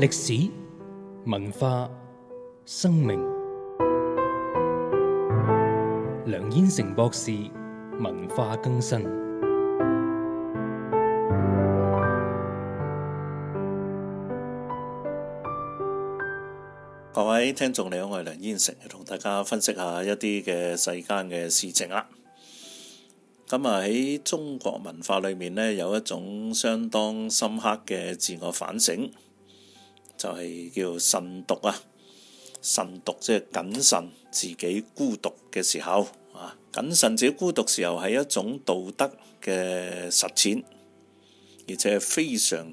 歷史、文化、生命，梁燕城博士文化更新，各位聽眾你好，我係梁燕城，同大家分析下一啲嘅世間嘅事情啦。咁啊喺中國文化裏面呢，有一種相當深刻嘅自我反省。就係、是、叫慎獨啊，慎獨即係謹慎自己孤獨嘅時候啊，謹慎自己孤獨時候係一種道德嘅實踐，而且係非常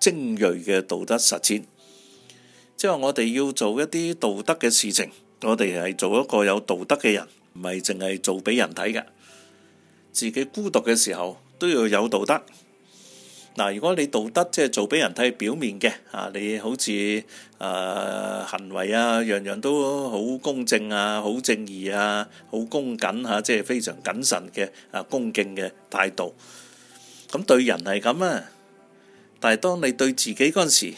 精銳嘅道德實踐。即、就、係、是、我哋要做一啲道德嘅事情，我哋係做一個有道德嘅人，唔係淨係做俾人睇㗎，自己孤獨嘅時候都要有道德。嗱，如果你道德即係做俾人睇表面嘅，啊你好似誒、呃、行為啊，樣樣都好公正啊，好正義啊，好恭謹嚇、啊，即係非常謹慎嘅啊恭敬嘅態度。咁對人係咁啊，但係當你對自己嗰陣時，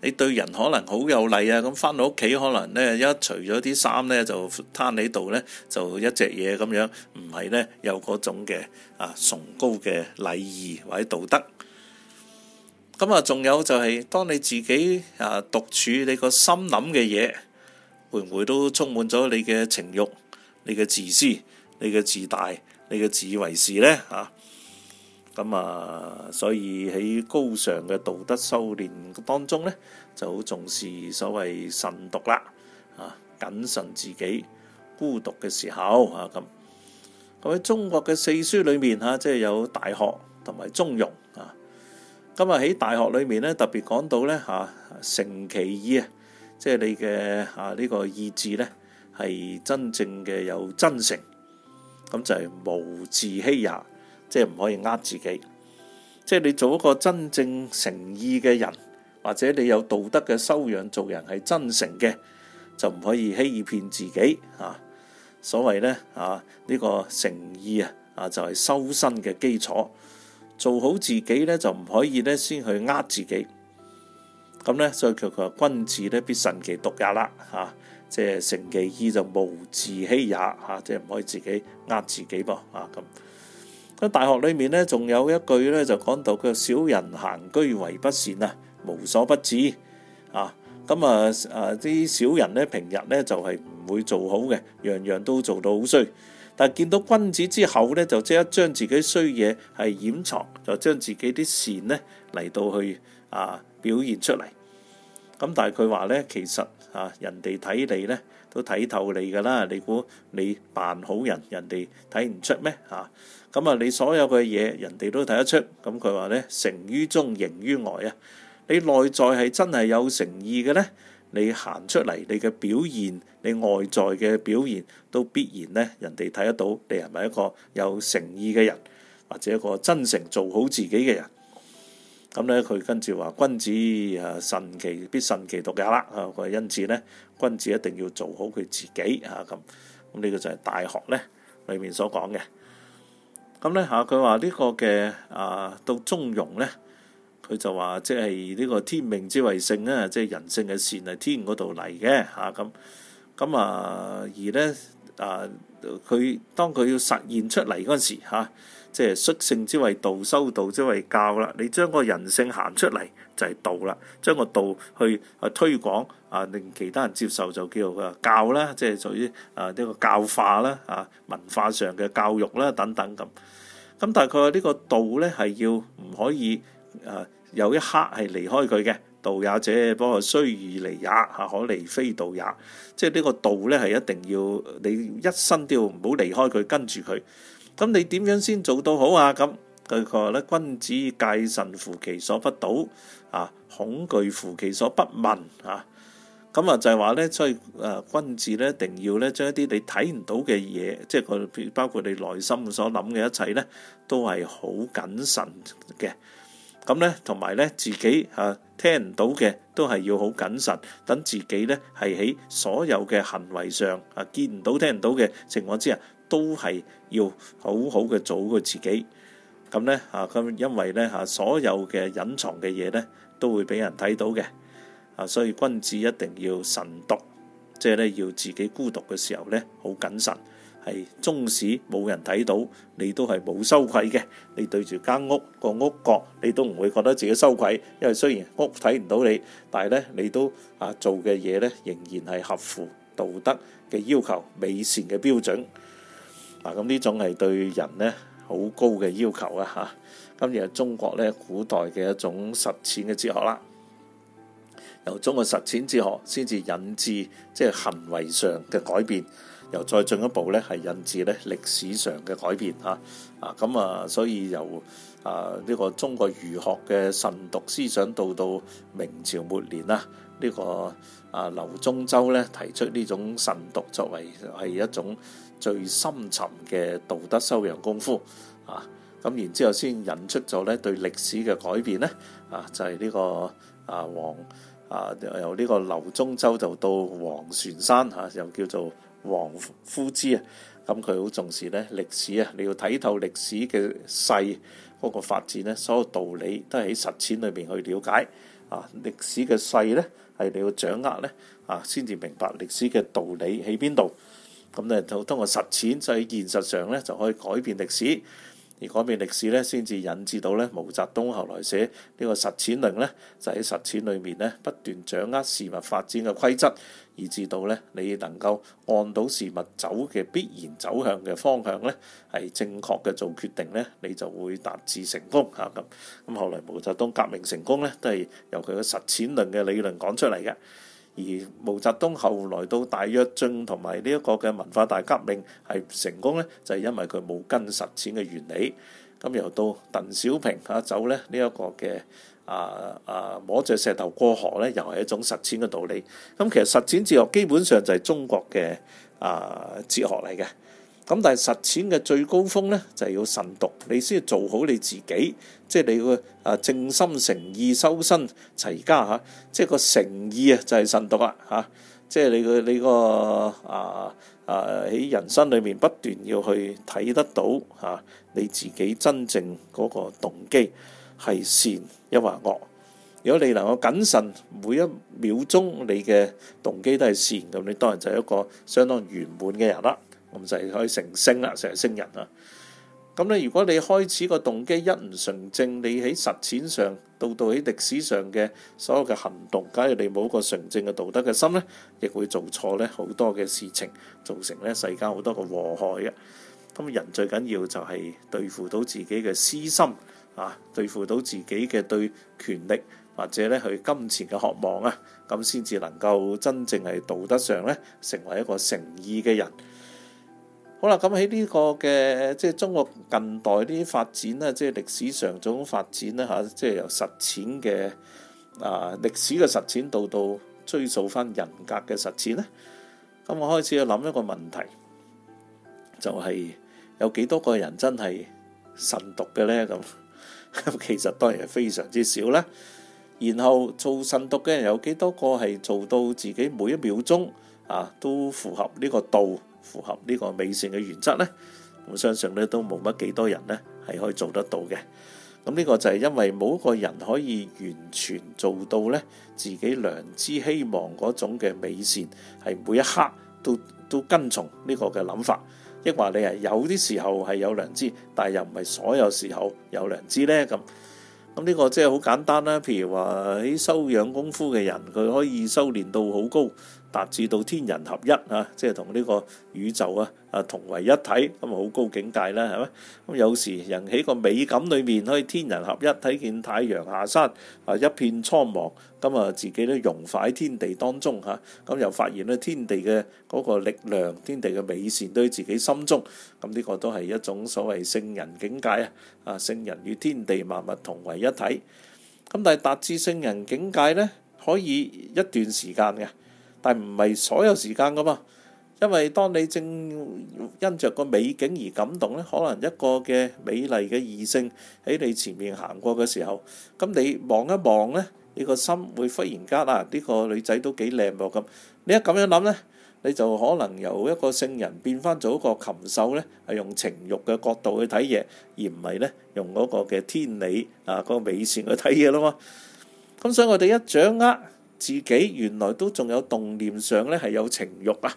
你對人可能好有禮啊，咁翻到屋企可能咧一除咗啲衫咧就攤喺度咧，就一隻嘢咁樣，唔係咧有嗰種嘅啊崇高嘅禮儀或者道德。咁啊，仲有就係、是、當你自己啊獨處你的的，你個心諗嘅嘢，會唔會都充滿咗你嘅情欲、你嘅自私、你嘅自大、你嘅自以為是呢？啊，咁啊，所以喺高尚嘅道德修煉當中呢，就好重視所謂慎獨啦。啊，謹慎自己孤獨嘅時候啊，咁咁喺中國嘅四書裏面吓，即、啊、係、就是、有大學同埋中庸啊。今日喺大學裏面咧，特別講到咧吓，誠其意啊，即係你嘅吓呢個意志咧，係真正嘅有真誠，咁就係、是、無自欺也，即係唔可以呃自己，即、就、係、是、你做一個真正誠意嘅人，或者你有道德嘅修養做人係真誠嘅，就唔可以欺騙自己啊。所謂咧啊，呢個誠意啊啊就係修身嘅基礎。做好自己咧，就唔可以咧先去呃自己。咁咧所以佢話君子咧，必慎其獨也啦，吓，即係誠其意就毋自欺也，吓、啊，即係唔可以自己呃自己噃，啊，咁。喺大學裏面咧，仲有一句咧，就講到佢小人行居為不善啊，無所不至啊。咁啊啊啲小人咧，平日咧就係唔會做好嘅，樣樣都做到好衰。但見到君子之後咧，就即刻將自己衰嘢係掩藏，就將自己啲善呢嚟到去啊表現出嚟。咁但係佢話呢，其實啊，人哋睇你呢都睇透你噶啦。你估你扮好人，人哋睇唔出咩？咁啊，你所有嘅嘢，人哋都睇得出。咁佢話呢，誠於中，形於外啊。你內在係真係有誠意嘅呢。你行出嚟，你嘅表現，你外在嘅表現，都必然咧，人哋睇得到你係咪一個有誠意嘅人，或者一個真誠做好自己嘅人？咁咧，佢跟住話：君子啊，慎其必慎其獨也啦。啊，佢因此咧，君子一定要做好佢自己啊。咁咁呢個就係《大學》呢咧裏面所講嘅。咁咧嚇，佢話呢個嘅啊，到中庸咧。佢就話：即係呢個天命之為性咧，即、就、係、是、人性嘅善係天嗰度嚟嘅，嚇咁咁啊。而咧啊，佢當佢要實現出嚟嗰陣時即係，啊就是，率性之為道，修道之為教啦。你將個人性行出嚟就係、是、道啦，將個道去去推廣啊，令其他人接受就叫啊教啦。即係屬於啊呢、這個教化啦嚇、啊、文化上嘅教育啦等等咁。咁大概呢個道咧係要唔可以。誒、啊、有一刻係離開佢嘅道也者，不過須臾離也嚇，可離非道也，即係呢個道咧係一定要你一生都要唔好離開佢，跟住佢。咁你點樣先做到好啊？咁佢佢話咧，君子戒慎乎其所不睹啊，恐懼乎其所不聞啊。咁啊就係話咧，所以誒君子咧一定要咧將一啲你睇唔到嘅嘢，即係佢包括你內心所諗嘅一切咧，都係好謹慎嘅。咁咧，同埋咧，自己啊聽唔到嘅都係要好謹慎，等自己咧係喺所有嘅行為上啊見唔到聽唔到嘅情況之下，都係要好好嘅做好自己。咁咧啊，咁因為咧吓所有嘅隱藏嘅嘢咧都會俾人睇到嘅啊，所以君子一定要慎獨，即係咧要自己孤獨嘅時候咧好謹慎。係縱使冇人睇到，你都係冇羞愧嘅。你對住間屋個屋、屋角，你都唔會覺得自己羞愧，因為雖然屋睇唔到你，但係咧你都啊做嘅嘢咧仍然係合乎道德嘅要求、美善嘅標準。嗱，咁呢種係對人呢好高嘅要求啊！嚇，而係中國咧古代嘅一種實踐嘅哲學啦，由中國實踐哲學先至引致即係行為上嘅改變。又再進一步咧，係引致咧歷史上嘅改變嚇啊！咁啊，所以由啊呢、這個中國儒學嘅慎獨思想，到到明朝末年啦，這個啊、中呢個啊劉宗周咧提出呢種慎獨作為係一種最深沉嘅道德修養功夫啊。咁、啊、然之後先引出咗咧對歷史嘅改變咧啊，就係、是、呢、這個啊王啊由呢個劉宗周就到王船山嚇、啊，又叫做。王夫之啊，咁佢好重視咧歷史啊，你要睇透歷史嘅勢嗰個發展咧，所有道理都喺實踐裏邊去了解啊。歷史嘅勢咧，係你要掌握咧啊，先至明白歷史嘅道理喺邊度。咁咧就通過實踐，就喺現實上咧就可以改變歷史。而改變歷史咧，先至引致到咧毛澤東後來寫呢個實踐論咧，就喺實踐裏面咧不斷掌握事物發展嘅規則，以至到咧你能夠按到事物走嘅必然走向嘅方向咧，係正確嘅做決定咧，你就會達至成功嚇咁。咁後來毛澤東革命成功咧，都係由佢嘅實踐論嘅理論講出嚟嘅。而毛澤東後來到大躍進同埋呢一個嘅文化大革命係唔成功咧，就係、是、因為佢冇跟實踐嘅原理。咁又到鄧小平走呢、這個、啊走咧呢一個嘅啊啊摸着石頭過河咧，又係一種實踐嘅道理。咁其實實踐哲學基本上就係中國嘅啊哲學嚟嘅。咁但係實踐嘅最高峰咧，就係、是、要慎獨，你先做好你自己。即係你個啊，正心誠意修身齊家吓，即係個誠意啊，就係慎獨啦吓。即係你個你個啊啊喺人生裏面不斷要去睇得到吓、啊，你自己真正嗰個動機係善抑或惡。如果你能夠謹慎每一秒鐘，你嘅動機都係善，咁你當然就係一個相當圓滿嘅人啦。咁就係可以成聖啦，成聖人啊！咁咧，如果你開始個動機一唔純正，你喺實踐上，到到喺歷史上嘅所有嘅行動，假如你冇一個純正嘅道德嘅心咧，亦會做錯咧好多嘅事情，造成咧世間好多嘅禍害嘅。咁人最緊要就係對付到自己嘅私心啊，對付到自己嘅對權力或者咧佢金錢嘅渴望啊，咁先至能夠真正係道德上咧成為一個誠意嘅人。好啦，咁喺呢個嘅即係中國近代啲發展咧，即係歷史上種發展咧嚇，即係由實踐嘅啊歷史嘅實踐到到追溯翻人格嘅實踐咧。咁我開始去諗一個問題，就係、是、有幾多個人真係慎獨嘅咧？咁其實當然係非常之少啦。然後做慎獨嘅人，有幾多個係做到自己每一秒鐘啊都符合呢個道？符合呢個美善嘅原則呢，我相信咧都冇乜幾多人呢係可以做得到嘅。咁呢個就係因為冇一個人可以完全做到呢自己良知希望嗰種嘅美善，係每一刻都都跟從呢個嘅諗法，抑或你係有啲時候係有良知，但係又唔係所有時候有良知呢。咁咁呢個即係好簡單啦。譬如話喺修養功夫嘅人，佢可以修煉到好高。達至到天人合一啊，即係同呢個宇宙啊啊同為一體咁啊，好高境界啦，係咪咁有時人喺個美感裏面可以天人合一，睇見太陽下山啊，一片蒼茫咁啊，自己都融化喺天地當中嚇，咁又發現咧天地嘅嗰個力量、天地嘅美善，對自己心中咁呢個都係一種所謂聖人境界啊！啊，聖人與天地萬物同為一體咁，但係達至聖人境界呢，可以一段時間嘅。但唔係所有時間噶嘛，因為當你正因著個美景而感動咧，可能一個嘅美麗嘅異性喺你前面行過嘅時候，咁你望一望咧，你個心會忽然間啊，呢個女仔都幾靚喎咁。你一咁樣諗咧，你就可能由一個聖人變翻做一個禽獸咧，係用情慾嘅角度去睇嘢，而唔係咧用嗰個嘅天理啊嗰個美善去睇嘢咯嘛。咁所以我哋一掌握，自己原來都仲有動念上咧，係有情欲啊，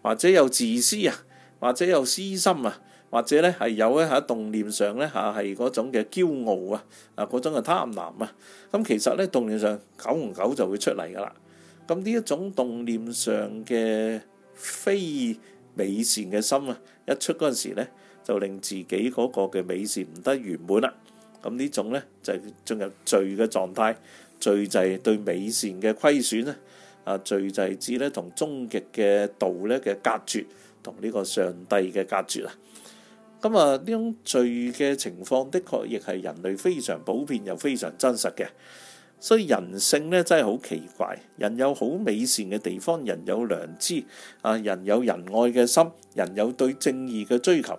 或者有自私啊，或者有私心啊，或者咧係有一下動念上咧嚇係嗰種嘅驕傲啊，啊嗰種嘅貪婪啊，咁其實咧動念上久唔久就會出嚟噶啦。咁呢一種動念上嘅非美善嘅心啊，一出嗰陣時咧就令自己嗰個嘅美善唔得圓滿啦。咁呢種咧就進入罪嘅狀態。罪制對美善嘅虧損咧，啊罪制指咧同終極嘅道咧嘅隔絕，同呢個上帝嘅隔絕啊，咁啊呢種罪嘅情況的確亦係人類非常普遍又非常真實嘅。所以人性咧真係好奇怪，人有好美善嘅地方，人有良知啊，人有仁愛嘅心，人有對正義嘅追求，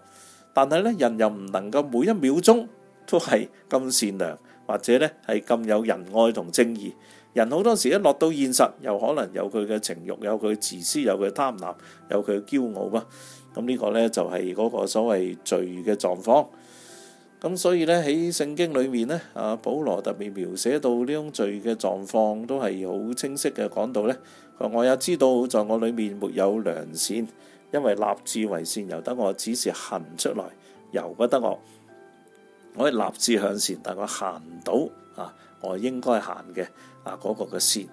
但係咧人又唔能夠每一秒鐘都係咁善良。或者呢，係咁有仁愛同正義，人好多時一落到現實，又可能有佢嘅情慾，有佢自私，有佢貪婪，有佢驕傲嘛。咁呢個呢，就係嗰個所謂罪嘅狀況。咁所以呢，喺聖經裏面呢，啊，保羅特別描寫到呢種罪嘅狀況都係好清晰嘅講到呢，我也知道在我裏面沒有良善，因為立志為善由得我，只是行出來，由不得我。我可以立志向善，但我行唔到啊！我應該行嘅啊嗰個嘅善，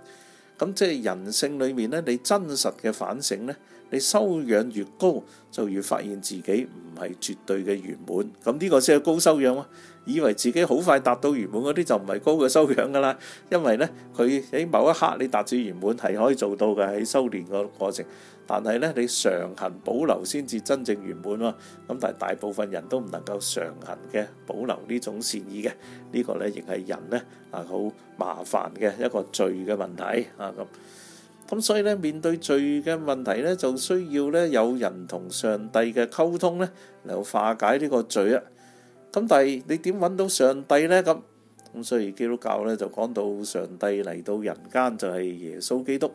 咁即係人性裏面咧，你真實嘅反省咧，你修養越高，就越發現自己唔係絕對嘅圓滿，咁呢個先係高修養啊。以為自己好快達到圓滿嗰啲就唔係高嘅修養噶啦，因為呢，佢喺某一刻你達至圓滿係可以做到嘅喺修煉個過程，但係呢，你常行保留先至真正圓滿喎。咁但係大部分人都唔能夠常行嘅保留呢種善意嘅，呢、呢個呢，亦係人呢啊好麻煩嘅一個罪嘅問題啊咁。咁所以呢，面對罪嘅問題呢，就需要呢有人同上帝嘅溝通呢，嚟化解呢個罪啊。咁但係你點揾到上帝呢？咁咁所以基督教咧，就講到上帝嚟到人間就係、是、耶穌基督，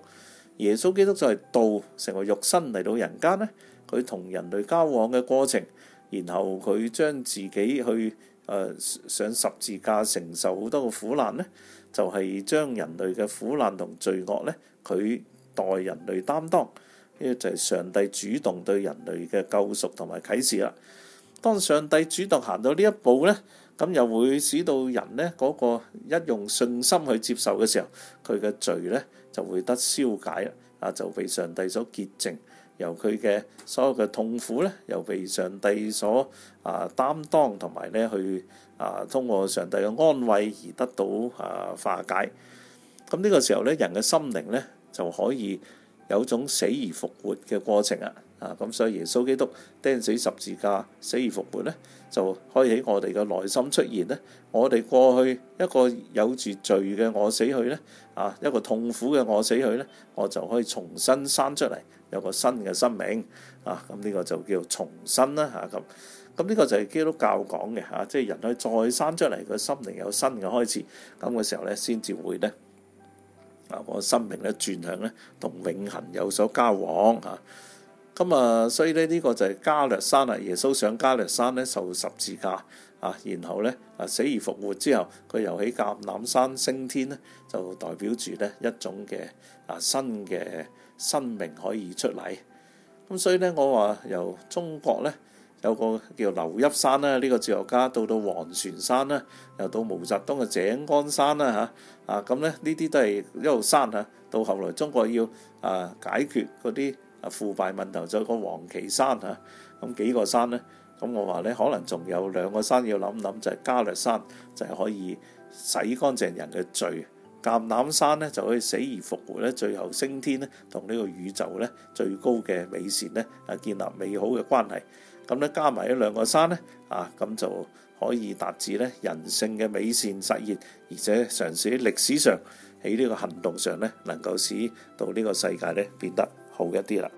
耶穌基督就係道成為肉身嚟到人間咧，佢同人類交往嘅過程，然後佢將自己去誒、呃、上十字架承受好多嘅苦難咧，就係、是、將人類嘅苦難同罪惡咧，佢代人類擔當，呢、這個就係上帝主動對人類嘅救贖同埋啟示啦。當上帝主動行到呢一步呢，咁又會使到人呢嗰個一用信心去接受嘅時候，佢嘅罪呢就會得消解啦，啊就被上帝所潔淨，由佢嘅所有嘅痛苦呢，又被上帝所啊擔當，同埋呢去啊通過上帝嘅安慰而得到啊化解。咁呢個時候呢，人嘅心靈呢，就可以有種死而復活嘅過程啊！啊！咁所以耶穌基督釘死十字架，死而復活咧，就開始我哋嘅內心出現咧。我哋過去一個有住罪嘅我死去咧，啊一個痛苦嘅我死去咧，我就可以重新生出嚟，有個新嘅生命啊！咁呢個就叫重生啦嚇咁。咁、啊、呢個就係基督教講嘅嚇，即係人可以再生出嚟，佢個心靈有新嘅開始咁嘅時候咧，先至會咧啊個生命咧轉向咧同永恆有所交往嚇。啊咁啊，所以咧呢個就係加略山啊！耶穌上加略山咧受十字架啊，然後咧啊死而復活之後，佢又喺橄欖山升天咧，就代表住咧一種嘅啊新嘅生命可以出嚟。咁所以咧，我話由中國咧有個叫劉一山啦，呢、這個哲學家到到黃泉山啦，又到毛澤東嘅井岡山啦嚇啊，咁咧呢啲都係一路山啊。到後來中國要啊解決嗰啲腐敗問題就個王岐山嚇，咁幾個山呢？咁我話呢可能仲有兩個山要諗諗，就係、是、加略山就係、是、可以洗乾淨人嘅罪，橄欖山呢，就可以死而復活咧，最後升天呢同呢個宇宙呢最高嘅美善呢，啊建立美好嘅關係。咁呢加埋呢兩個山呢，啊，咁就可以達至呢人性嘅美善實現，而且嘗試喺歷史上喺呢個行動上呢，能夠使到呢個世界呢變得。好一啲啦。